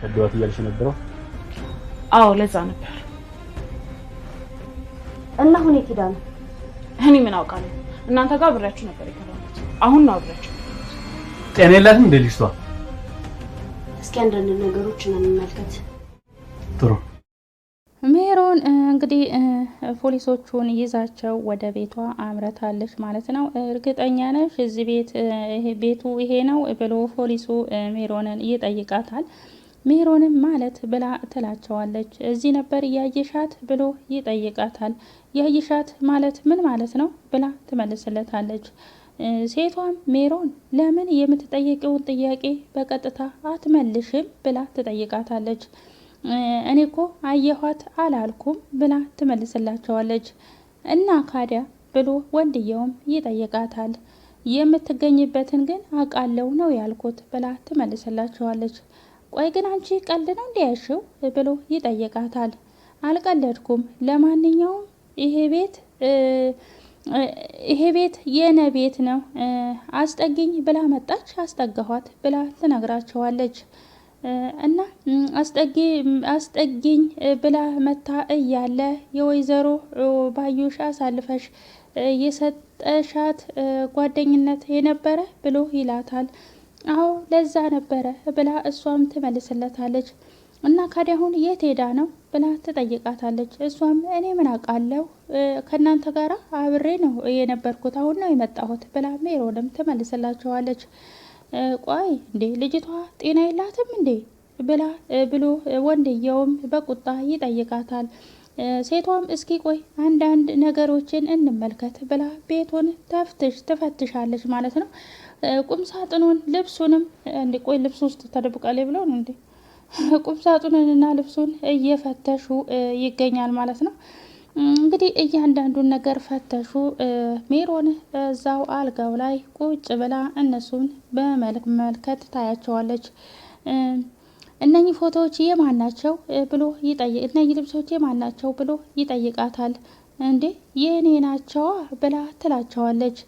ከብደዋት እያልሽ ነበረው? አዎ ለዛ ነበር። እና አሁን የት ሄዳ ነው? እኔ ምን አውቃለሁ? እናንተ ጋር አብሬያችሁ ነበር የከረሙት። አሁን ነው አብሬያችሁ። ጤና የላትም እንደ ልጅቷ። እስኪ አንዳንድ ነገሮች እንመልከት። ጥሩ ሜሮን እንግዲህ ፖሊሶቹን ይዛቸው ወደ ቤቷ አምረታለች ማለት ነው። እርግጠኛ ነሽ እዚህ ቤት ቤቱ ይሄ ነው ብሎ ፖሊሱ ሜሮንን ይጠይቃታል። ሜሮንም ማለት ብላ ትላቸዋለች። እዚህ ነበር ያየሻት ብሎ ይጠይቃታል። ያየሻት ማለት ምን ማለት ነው ብላ ትመልስለታለች። ሴቷም ሜሮን ለምን የምትጠየቂውን ጥያቄ በቀጥታ አትመልሽም ብላ ትጠይቃታለች። እኔ እኮ አየኋት አላልኩም ብላ ትመልስላቸዋለች። እና ካዲያ ብሎ ወንድየውም ይጠይቃታል። የምትገኝበትን ግን አውቃለሁ ነው ያልኩት ብላ ትመልስላቸዋለች። ቆይ ግን አንቺ ቀልድ ነው እንዲ ያሽው ብሎ ይጠይቃታል። አልቀለድኩም፣ ለማንኛውም ይሄ ቤት ይሄ ቤት የነ ቤት ነው አስጠግኝ ብላ መጣች፣ አስጠጋኋት ብላ ትነግራቸዋለች። እና አስጠግኝ ብላ መታ እያለ የወይዘሮ ባዩሽ አሳልፈሽ የሰጠሻት ጓደኝነት የነበረ ብሎ ይላታል። አዎ ለዛ ነበረ ብላ እሷም ትመልስለታለች። እና ካዲያ አሁን የት ሄዳ ነው ብላ ትጠይቃታለች። እሷም እኔ ምን አውቃለሁ ከእናንተ ጋር አብሬ ነው የነበርኩት አሁን ነው የመጣሁት ብላ ሜሮንም ትመልስላቸዋለች። ቆይ እንዴ ልጅቷ ጤና የላትም እንዴ ብላ ብሎ ወንድየውም በቁጣ ይጠይቃታል። ሴቷም እስኪ ቆይ አንዳንድ ነገሮችን እንመልከት ብላ ቤቱን ተፍትሽ ትፈትሻለች ማለት ነው። ቁም ሳጥኑን ልብሱንም እንዲ ቆይ ልብሱ ውስጥ ተደብቃል ብለው ነው እንዲ ቁም ሳጥኑንና ልብሱን እየፈተሹ ይገኛል ማለት ነው። እንግዲህ እያንዳንዱን ነገር ፈተሹ። ሜሮን እዛው አልጋው ላይ ቁጭ ብላ እነሱን መልከት ታያቸዋለች። እነኚህ ፎቶዎች የማን ናቸው ብሎ ይጠይቅ እነኚህ ልብሶች የማን ናቸው ብሎ ይጠይቃታል። እንዴ የእኔ ናቸዋ ብላ ትላቸዋለች።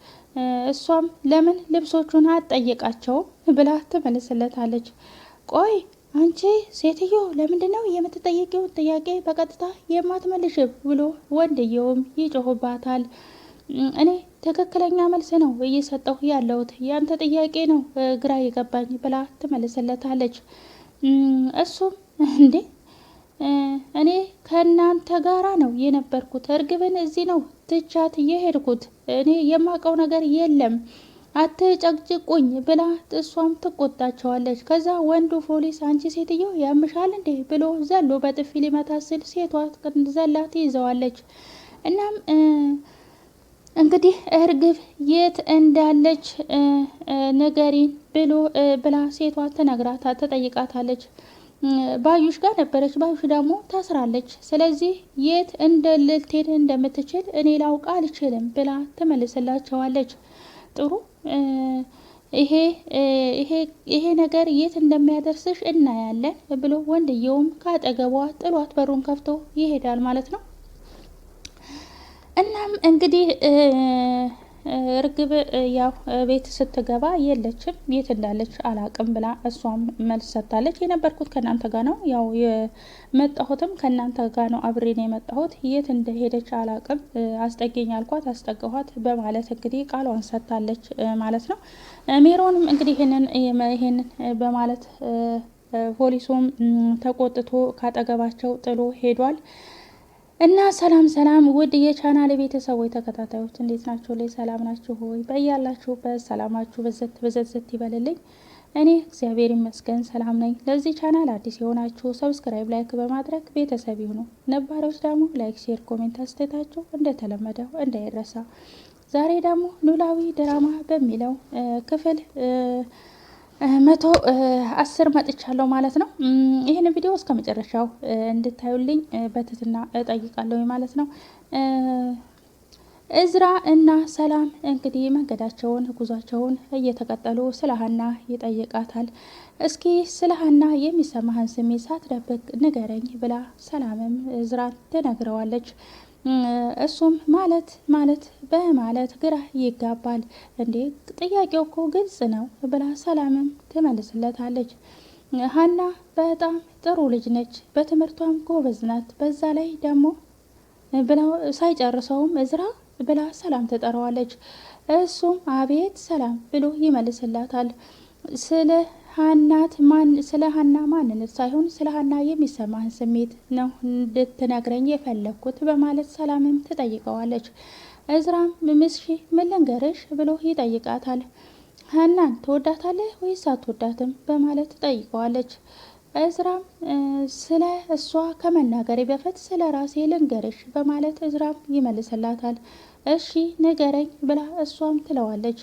እሷም ለምን ልብሶቹን አትጠይቃቸውም ብላ ትመልስለታለች። ቆይ አንቺ ሴትዮ ለምንድን ነው የምትጠየቂውን ጥያቄ በቀጥታ የማትመልሽብ? ብሎ ወንድየውም ይጮሁባታል። እኔ ትክክለኛ መልስ ነው እየሰጠሁ ያለሁት፣ ያንተ ጥያቄ ነው ግራ የገባኝ ብላ ትመልስለታለች። እሱም እንዴ እኔ ከእናንተ ጋራ ነው የነበርኩት። እርግብን እዚህ ነው ትቻት የሄድኩት። እኔ የማውቀው ነገር የለም አትጨቅጭቁኝ ብላ እሷም ትቆጣቸዋለች። ከዛ ወንዱ ፖሊስ አንቺ ሴትዮ ያምሻል እንዴ ብሎ ዘሎ በጥፊ ሊመታት ሴቷ ዘላ ትይዘዋለች። እናም እንግዲህ እርግብ የት እንዳለች ንገሪን ብሎ ብላ ሴቷ ተነግራታ ተጠይቃታለች። ባዩሽ ጋር ነበረች። ባዩሽ ደግሞ ታስራለች። ስለዚህ የት እንደ ልትሄድ እንደምትችል እኔ ላውቅ አልችልም ብላ ትመልስላቸዋለች። ጥሩ ይሄ ይሄ ነገር የት እንደሚያደርስሽ እናያለን ብሎ ወንድየውም ካጠገቧ ጥሏት በሩን ከፍቶ ይሄዳል ማለት ነው። እናም እንግዲህ እርግብ ያው ቤት ስትገባ የለችም የት እንዳለች አላቅም ብላ እሷም መልስ ሰጥታለች። የነበርኩት ከእናንተ ጋር ነው፣ ያው የመጣሁትም ከእናንተ ጋር ነው፣ አብሬ ነው የመጣሁት። የት እንደሄደች አላቅም፣ አስጠገኝ አልኳት፣ አስጠገኋት በማለት እንግዲህ ቃሏን ሰጥታለች ማለት ነው። ሜሮንም እንግዲህ ይህንን ይህንን በማለት ፖሊሱም ተቆጥቶ ካጠገባቸው ጥሎ ሄዷል። እና ሰላም ሰላም ውድ የቻናል ቤተሰቦች ተከታታዮች እንዴት ናችሁ? ላይ ሰላም ናችሁ ሆይ? በያላችሁበት ሰላማችሁ በዘት በዘት ይበልልኝ። እኔ እግዚአብሔር ይመስገን ሰላም ነኝ። ለዚህ ቻናል አዲስ የሆናችሁ ሰብስክራይብ፣ ላይክ በማድረግ ቤተሰብ ይሁኑ። ነባሮች ደግሞ ላይክ፣ ሼር፣ ኮሜንት አስተታችሁ እንደተለመደው እንዳይረሳ። ዛሬ ደግሞ ኖላዊ ድራማ በሚለው ክፍል መቶ አስር መጥቻለሁ ማለት ነው። ይህን ቪዲዮ እስከ መጨረሻው እንድታዩልኝ በትትና እጠይቃለሁ ማለት ነው። እዝራ እና ሰላም እንግዲህ መንገዳቸውን ጉዟቸውን እየተቀጠሉ ስለ ሀና ይጠይቃታል። እስኪ ስለ ሀና የሚሰማህን ስሜት ሳትደብቅ ንገረኝ ብላ ሰላምም እዝራ ትነግረዋለች። እሱም ማለት ማለት በማለት ግራ ይጋባል። እንዴ ጥያቄው እኮ ግልጽ ነው ብላ ሰላምም ትመልስለታለች። ሀና በጣም ጥሩ ልጅ ነች፣ በትምህርቷም ጎበዝ ናት። በዛ ላይ ደግሞ ብለው ሳይጨርሰውም እዝራ ብላ ሰላም ትጠራዋለች። እሱም አቤት ሰላም ብሎ ይመልስላታል። ስለ ሀናት ማን ስለ ሀና ማንነት ሳይሆን ስለ ሀና የሚሰማህን ስሜት ነው እንድትነግረኝ የፈለግኩት በማለት ሰላምም ትጠይቀዋለች። እዝራም ምስሺ ምን ልንገርሽ ብሎ ይጠይቃታል። ሀናን ትወዳታለህ ወይስ አትወዳትም በማለት ትጠይቀዋለች። እዝራም ስለ እሷ ከመናገሬ በፊት ስለ ራሴ ልንገርሽ በማለት እዝራም ይመልስላታል። እሺ ንገረኝ ብላ እሷም ትለዋለች።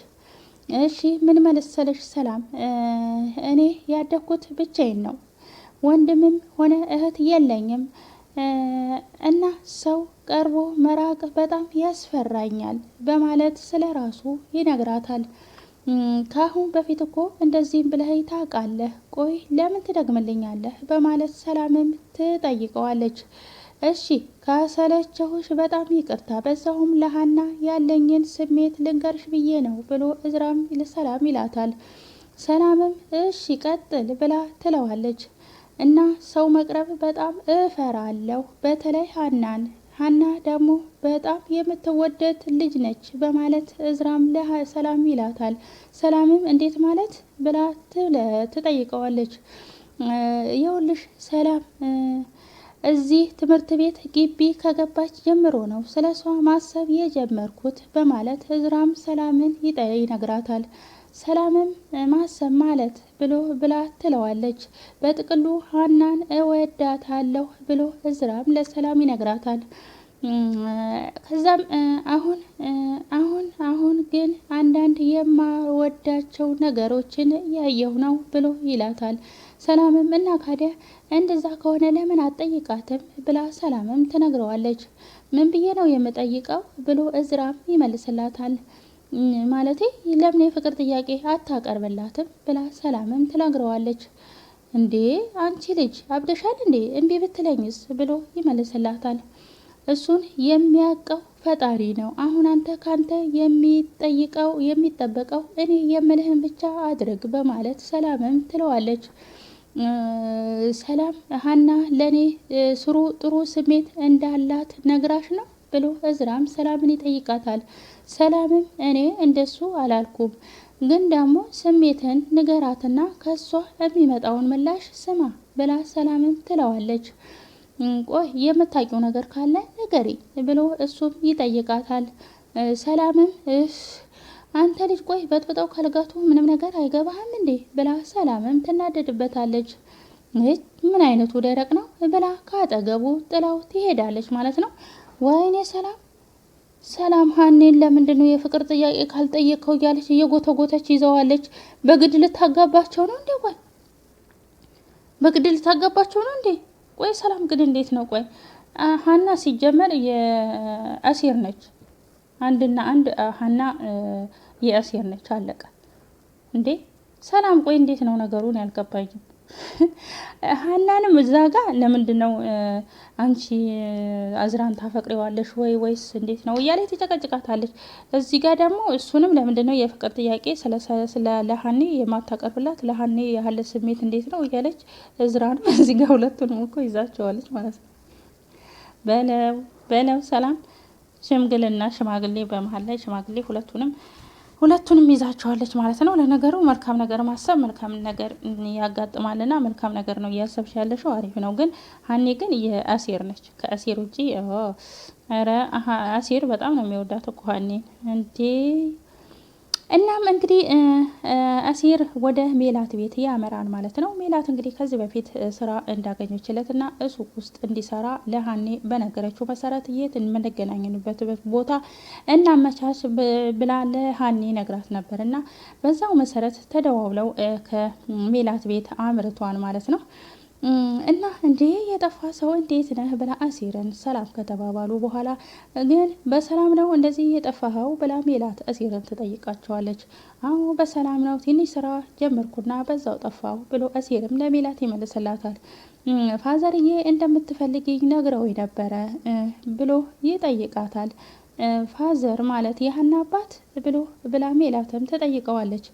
እሺ ምን መለሰለሽ ሰላም፣ እኔ ያደግኩት ብቻዬን ነው። ወንድምም ሆነ እህት የለኝም እና ሰው ቀርቦ መራቅ በጣም ያስፈራኛል በማለት ስለ ራሱ ይነግራታል። ከአሁን በፊት እኮ እንደዚህም ብለህ ታውቃለህ፣ ቆይ ለምን ትደግምልኛለህ? በማለት ሰላምም ትጠይቀዋለች። እሺ ካሰለቸሁሽ በጣም ይቅርታ፣ በዛውም ለሀና ያለኝን ስሜት ልንገርሽ ብዬ ነው ብሎ እዝራም ሰላም ይላታል። ሰላምም እሺ ቀጥል ብላ ትለዋለች። እና ሰው መቅረብ በጣም እፈራለሁ፣ በተለይ ሀናን ሀና ደግሞ በጣም የምትወደድ ልጅ ነች በማለት እዝራም ለሰላም ይላታል። ሰላምም እንዴት ማለት ብላ ትጠይቀዋለች። የውልሽ ሰላም እዚህ ትምህርት ቤት ግቢ ከገባች ጀምሮ ነው ስለ ሷ ማሰብ የጀመርኩት በማለት እዝራም ሰላምን ይነግራታል። ሰላምም ማሰብ ማለት ብሎ ብላ ትለዋለች። በጥቅሉ ሀናን እወዳታለሁ ብሎ እዝራም ለሰላም ይነግራታል። ከዛም አሁን አሁን አሁን ግን አንዳንድ የማወዳቸው ነገሮችን ያየሁ ነው ብሎ ይላታል። ሰላምም እና ካዲያ እንደዛ ከሆነ ለምን አትጠይቃትም ብላ ሰላምም ትነግረዋለች። ምን ብዬ ነው የምጠይቀው ብሎ እዝራም ይመልስላታል። ማለቴ ለምን የፍቅር ጥያቄ አታቀርብላትም ብላ ሰላምም ትነግረዋለች። እንዴ አንቺ ልጅ አብደሻል እንዴ እምቢ ብትለኝስ ብሎ ይመልስላታል። እሱን የሚያቀው ፈጣሪ ነው። አሁን አንተ ካንተ የሚጠይቀው የሚጠበቀው እኔ የምልህን ብቻ አድርግ በማለት ሰላምም ትለዋለች። ሰላም ሀና ለእኔ ስሩ ጥሩ ስሜት እንዳላት ነግራሽ ነው ብሎ እዝራም ሰላምን ይጠይቃታል። ሰላምም እኔ እንደሱ አላልኩም፣ ግን ደግሞ ስሜትን ንገራትና ከሷ የሚመጣውን ምላሽ ስማ ብላ ሰላምም ትለዋለች። ቆይ የምታውቂው ነገር ካለ ንገሪ ብሎ እሱም ይጠይቃታል። ሰላምም አንተ ልጅ ቆይ በጥብጠው ከልጋቱ ምንም ነገር አይገባህም እንዴ ብላ ሰላምም ትናደድበታለች። ምን አይነቱ ደረቅ ነው ብላ ከአጠገቡ ጥላው ትሄዳለች ማለት ነው። ወይኔ ሰላም ሰላም ሀኔን ለምንድን ነው የፍቅር ጥያቄ ካልጠየቅከው እያለች እየጎተጎተች ይዘዋለች። በግድ ልታጋባቸው ነው እንዴ? ቆይ በግድ ልታጋባቸው ነው እንዴ? ቆይ ሰላም ግን እንዴት ነው? ቆይ ሀና ሲጀመር የአሴር ነች አንድና አንድ ሀና የአሴር ነች። አለቀ እንዴ! ሰላም ቆይ፣ እንዴት ነው ነገሩን ያልገባኝም። ሀናንም እዛ ጋ ለምንድን ነው አንቺ አዝራን ታፈቅሪዋለሽ ወይ ወይስ እንዴት ነው እያለ ትጨቀጭቃታለች። እዚህ ጋ ደግሞ እሱንም ለምንድን ነው የፍቅር ጥያቄ ስለለሀኔ የማታቀርብላት ለሀኔ ያለ ስሜት እንዴት ነው እያለች እዝራንም እዚህ ጋ ሁለቱንም እኮ ይዛቸዋለች ማለት ነው። በለው በለው ሰላም ሽምግልና ሽማግሌ በመሀል ላይ ሽማግሌ ሁለቱንም ሁለቱንም ይዛቸዋለች ማለት ነው። ለነገሩ መልካም ነገር ማሰብ መልካም ነገር ያጋጥማልና መልካም ነገር ነው እያሰብሽ ያለሽው አሪፍ ነው። ግን ሀኔ ግን የአሴር ነች። ከአሴር ውጪ ረ አሴር በጣም ነው የሚወዳት እኮ ሀኔን እንዴ እናም እንግዲህ አሲር ወደ ሜላት ቤት ያመራን ማለት ነው። ሜላት እንግዲህ ከዚህ በፊት ስራ እንዳገኘችለት እና እሱቅ ውስጥ እንዲሰራ ለሀኔ በነገረችው መሰረት የት የምንገናኝንበት ቦታ እናመቻች ብላ ለሀኔ ነግራት ነበር እና በዛው መሰረት ተደዋውለው ከሜላት ቤት አምርቷን ማለት ነው። እና እንዴ የጠፋ ሰው እንዴት ነህ ብላ አሲርን ሰላም ከተባባሉ በኋላ ግን በሰላም ነው እንደዚህ የጠፋኸው ብላ ሜላት አሲርን ትጠይቃቸዋለች። አዎ በሰላም ነው ትንሽ ስራ ጀመርኩና በዛው ጠፋው ብሎ አሲርም ለሜላት ይመልስላታል። ፋዘርዬ እንደምትፈልግኝ ነግረው ነበረ ብሎ ይጠይቃታል። ፋዘር ማለት ያህና አባት ብሎ ብላ ሜላትም ትጠይቀዋለች።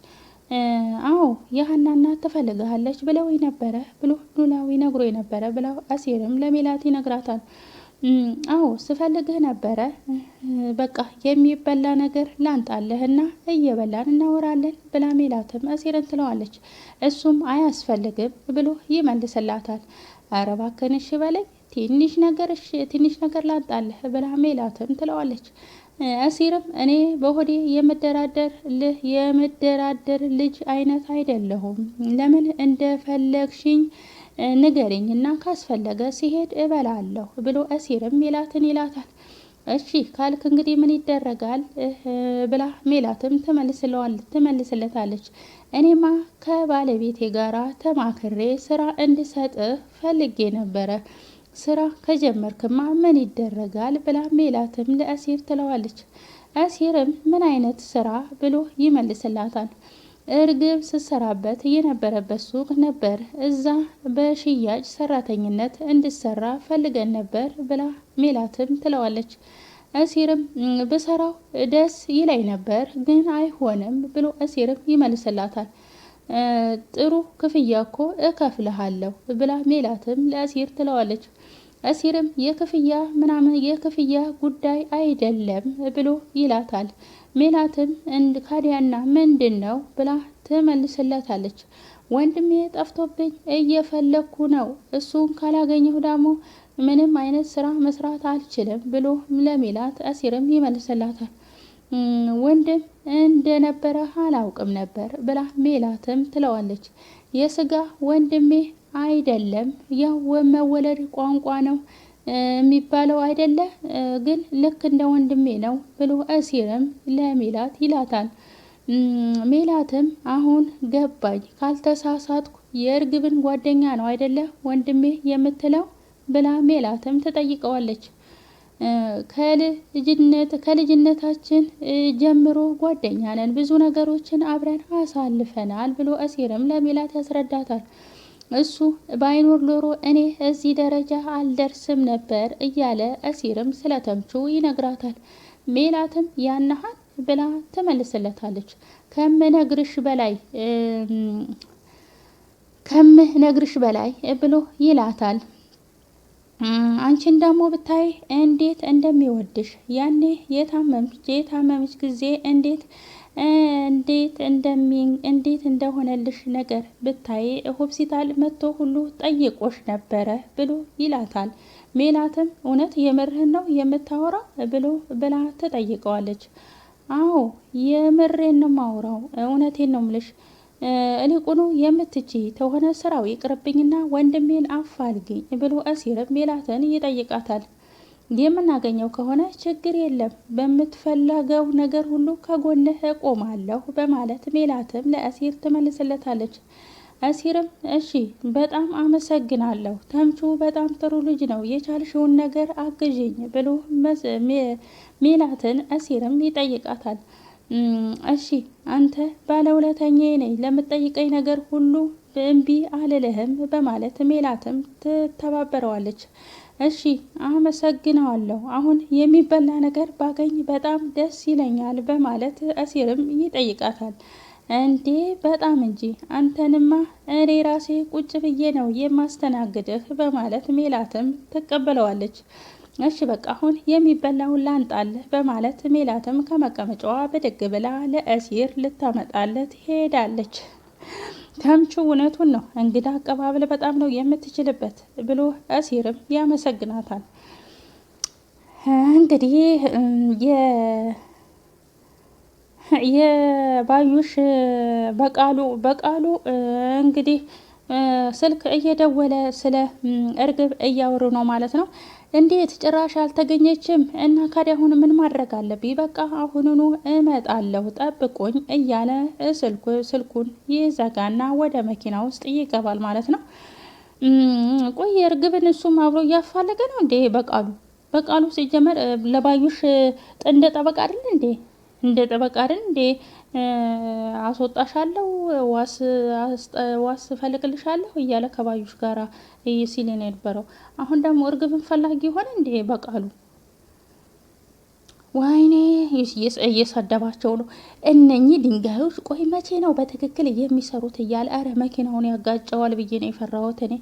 አዎ የሀና እናት ትፈልግሃለች ብለው ነበረ ብሎ ኖላዊ ነግሮ ነበረ ብለው አሴርም ለሜላት ይነግራታል። አዎ ስፈልግህ ነበረ በቃ የሚበላ ነገር ላንጣለህና እየበላን እናወራለን ብላ ሜላትም አሴርን ትለዋለች። እሱም አያስፈልግም ብሎ ይመልስላታል። ኧረ እባክህን እሺ በለኝ ትንሽ ነገር ትንሽ ነገር ላንጣለህ ብላ ሜላትም ትለዋለች። አሲርም እኔ በሆዴ የምደራደር ልህ የምደራደር ልጅ አይነት አይደለሁም። ለምን እንደፈለግሽኝ ንገሪኝ እና ካስፈለገ ሲሄድ እበላለሁ ብሎ አሲርም ሜላትን ይላታል። እሺ ካልክ እንግዲህ ምን ይደረጋል ብላ ሜላትም ትመልስለታለች። እኔማ ከባለቤቴ ጋራ ተማክሬ ስራ እንድሰጥህ ፈልጌ ነበረ ስራ ከጀመርክማ ምን ይደረጋል ብላ ሜላትም ለአሴር ትለዋለች። አሴርም ምን አይነት ስራ ብሎ ይመልስላታል። እርግብ ስትሰራበት የነበረበት ሱቅ ነበር። እዛ በሽያጭ ሰራተኝነት እንድሰራ ፈልገን ነበር ብላ ሜላትም ትለዋለች። አሴርም በሰራው ደስ ይላይ ነበር ግን አይሆንም ብሎ አሴርም ይመልስላታል። ጥሩ ክፍያ እኮ እከፍልሃለሁ ብላ ሜላትም ለእሲር ትለዋለች። እሲርም የክፍያ ምናምን የክፍያ ጉዳይ አይደለም ብሎ ይላታል። ሜላትም ካዲያና ምንድን ነው ብላ ትመልስለታለች። ወንድሜ ጠፍቶብኝ እየፈለግኩ ነው። እሱን ካላገኘሁ ደግሞ ምንም አይነት ስራ መስራት አልችልም ብሎ ለሜላት እሲርም ይመልስላታል። ወንድም እንደነበረ አላውቅም ነበር ብላ ሜላትም ትለዋለች። የስጋ ወንድሜ አይደለም ያው መወለድ ቋንቋ ነው የሚባለው አይደለ? ግን ልክ እንደ ወንድሜ ነው ብሎ እሲርም ለሜላት ይላታል። ሜላትም አሁን ገባኝ፣ ካልተሳሳትኩ የእርግብን ጓደኛ ነው አይደለ ወንድሜ የምትለው ብላ ሜላትም ትጠይቀዋለች። ከልጅነታችን ጀምሮ ጓደኛ ነን፣ ብዙ ነገሮችን አብረን አሳልፈናል ብሎ አሲርም ለሜላት ያስረዳታል። እሱ ባይኖር ኖሮ እኔ እዚህ ደረጃ አልደርስም ነበር እያለ አሲርም ስለ ተምቹ ይነግራታል። ሜላትም ያናሃል ብላ ትመልስለታለች። ከምነግርሽ በላይ ከምነግርሽ በላይ ብሎ ይላታል። አንቺን ደግሞ ብታይ እንዴት እንደሚወድሽ ያኔ የታመምሽ ጊዜ እንዴት እንዴት እንደሚ እንዴት እንደሆነልሽ ነገር ብታይ ሆስፒታል መጥቶ ሁሉ ጠይቆሽ ነበረ ብሎ ይላታል። ሜላትም እውነት የምርህን ነው የምታወራ ብሎ ብላ ትጠይቀዋለች። አዎ የምሬን ነው ማውራው፣ እውነቴን ነው ምልሽ እልቁኑ የምትቺ ተሆነ ስራው ይቅርብኝና ወንድሜን አፋልግኝ ብሎ እሲርም ሜላትን ይጠይቃታል። የምናገኘው ከሆነ ችግር የለም፣ በምትፈለገው ነገር ሁሉ ከጎንህ እቆማለሁ በማለት ሜላትም ለአሲር ትመልስለታለች። አሲርም እሺ በጣም አመሰግናለሁ፣ ተምቹ በጣም ጥሩ ልጅ ነው፣ የቻልሽውን ነገር አግዥኝ ብሎ ሜላትን አሲርም ይጠይቃታል። እሺ አንተ ባለውለታዬ ነኝ፣ ለምትጠይቀኝ ነገር ሁሉ እምቢ አልልህም በማለት ሜላትም ትተባበረዋለች። እሺ አመሰግነዋለሁ፣ አሁን የሚበላ ነገር ባገኝ በጣም ደስ ይለኛል በማለት እሲርም ይጠይቃታል። እንዴ በጣም እንጂ አንተንማ እኔ ራሴ ቁጭ ብዬ ነው የማስተናግድህ በማለት ሜላትም ትቀበለዋለች። እሺ በቃ አሁን የሚበላውን ላንጣልህ በማለት ሜላትም ከመቀመጫዋ ብድግ ብላ ለእሲር ልታመጣለት ሄዳለች። ተምቹ እውነቱን ነው እንግዳ አቀባበል በጣም ነው የምትችልበት ብሎ እሲርም ያመሰግናታል። እንግዲህ የባዩሽ በቃሉ በቃሉ እንግዲህ ስልክ እየደወለ ስለ እርግብ እያወሩ ነው ማለት ነው። እንዴት ጭራሽ አልተገኘችም? እና ካዲያ አሁን ምን ማድረግ አለብኝ? በቃ አሁኑኑ እመጣለሁ ጠብቁኝ እያለ ስልኩ ስልኩን ይዘጋና ወደ መኪና ውስጥ ይገባል ማለት ነው። ቆይ እርግብን እሱም አብሮ እያፋለገ ነው እንዴ? በቃሉ በቃሉ ሲጀመር ለባዩሽ ጥንደ ጠበቃ አይደል እንዴ? እንደ ጠበቃ አይደል እንዴ? አስወጣሻለሁ ዋስ ዋስ እያለ ከባዩሽ ጋር ሲል የነበረው አሁን ደግሞ እርግብን ፈላጊ ሆነ እንዴ? በቃሉ ወይኔ እየሰደባቸው ነው። እነኚህ ድንጋዮች ቆይ መቼ ነው በትክክል የሚሰሩት እያለ አረ መኪናውን ያጋጨዋል ብዬ ነው የፈራሁት እኔ።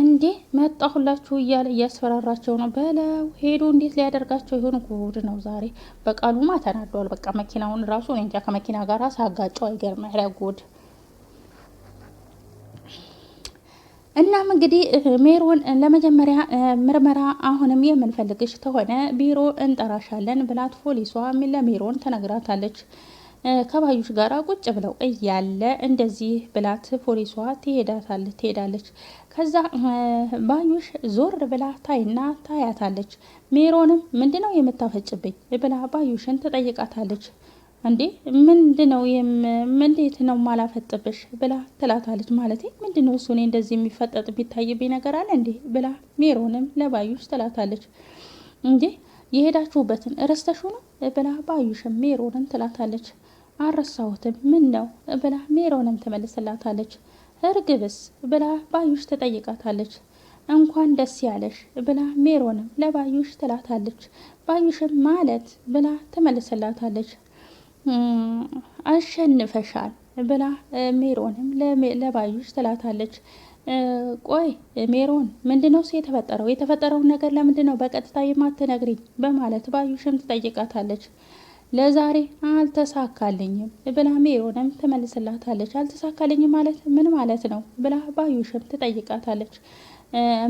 እንዴ መጣሁላችሁ እያለ እያስፈራራቸው ነው። በለው ሄዶ እንዴት ሊያደርጋቸው ይሆን? ጉድ ነው ዛሬ። በቃሉማ ተናዷል። በቃ መኪናውን ራሱ እንጃ ከመኪና ጋር ሳጋጨው አይገርም። ኧረ ጉድ እናም እንግዲህ ሜሮን ለመጀመሪያ ምርመራ አሁንም የምንፈልግሽ ከሆነ ቢሮ እንጠራሻለን ብላት ፖሊሷ ለሜሮን ተነግራታለች። ከባዩሽ ጋር ቁጭ ብለው እያለ እንደዚህ ብላት ፖሊሷ ትሄዳታለች ትሄዳለች። ከዛ ባዩሽ ዞር ብላ ታይና ታያታለች። ሜሮንም ምንድነው የምታፈጭብኝ ብላ ባዩሽን ትጠይቃታለች። እንዴ ነው እንዴት ነው ማላፈጥብሽ ብላ ትላታለች። ማለት ምንድነው እሱ እኔ እንደዚህ የሚፈጠጥ ቢታይብኝ ነገር አለ እንዴ ብላ ሜሮንም ለባዩሽ ትላታለች። እንዴ የሄዳችሁበትን ረስተሹ ነው ብላ ባዩሽም ሜሮንን ትላታለች። አረሳሁትም ምን ነው ብላ ሜሮንም ትመልስላታለች። እርግብስ ብላ ባዩሽ ትጠይቃታለች። እንኳን ደስ ያለሽ ብላ ሜሮንም ለባዩሽ ትላታለች። ባዩሽም ማለት ብላ ትመልስላታለች። አሸንፈሻል ብላ ሜሮንም ለባዩሽ ትላታለች። ቆይ ሜሮን ምንድነው የተፈጠረው? የተፈጠረውን ነገር ለምንድነው ነው በቀጥታ የማትነግሪኝ? በማለት ባዩሽም ትጠይቃታለች። ለዛሬ አልተሳካልኝም ብላ ሜሮንም ትመልስላታለች። አልተሳካልኝም ማለት ምን ማለት ነው ብላ ባዩሽም ትጠይቃታለች።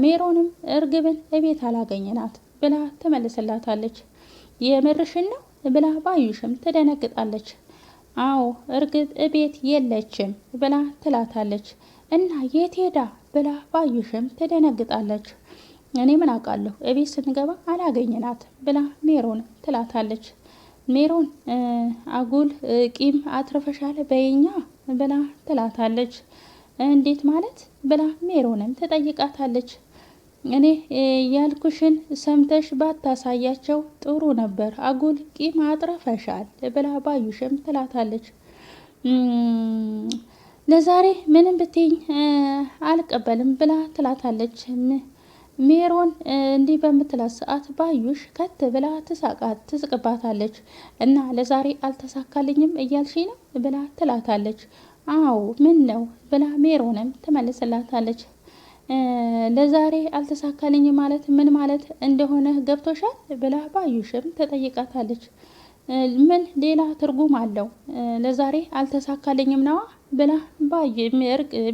ሜሮንም እርግብን እቤት አላገኘናት ብላ ትመልስላታለች። የምርሽን ነው ብላ ባዩሽም ትደነግጣለች። አዎ እርግብ እቤት የለችም ብላ ትላታለች። እና የት ሄዳ ብላ ባዩሽም ትደነግጣለች። እኔ ምን አውቃለሁ እቤት ስንገባ አላገኘናት ብላ ሜሮን ትላታለች። ሜሮን አጉል ቂም አትረፈሻለ በይኛ ብላ ትላታለች። እንዴት ማለት ብላ ሜሮንም ትጠይቃታለች። እኔ ያልኩሽን ሰምተሽ ባታሳያቸው ጥሩ ነበር፣ አጉል ቂም አጥረፈሻል ብላ ባዩሽም ትላታለች። ለዛሬ ምንም ብትኝ አልቀበልም ብላ ትላታለች። ሜሮን እንዲህ በምትላት ሰዓት ባዩሽ ከት ብላ ትሳቃ ትስቅባታለች። እና ለዛሬ አልተሳካልኝም እያልሽ ነው ብላ ትላታለች። አዎ ምን ነው ብላ ሜሮንም ትመልስላታለች። ለዛሬ አልተሳካልኝ ማለት ምን ማለት እንደሆነ ገብቶሻል ብላ ባዩሽም ትጠይቃታለች። ምን ሌላ ትርጉም አለው ለዛሬ አልተሳካልኝም ነዋ ብላ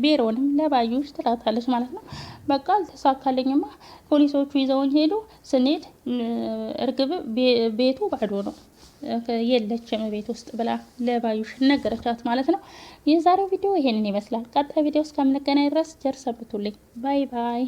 ሜሮንም ለባዩሽ ትላታለች ማለት ነው። በቃ አልተሳካልኝማ። ፖሊሶቹ ይዘውኝ ሄዱ። ስንሄድ እርግብ ቤቱ ባዶ ነው የለችም ቤት ውስጥ ብላ ለባዩሽ ነገረቻት ማለት ነው። የዛሬው ቪዲዮ ይሄንን ይመስላል። ቀጣይ ቪዲዮ እስከምንገናኝ ድረስ ጀርሰብቱልኝ። ባይ ባይ።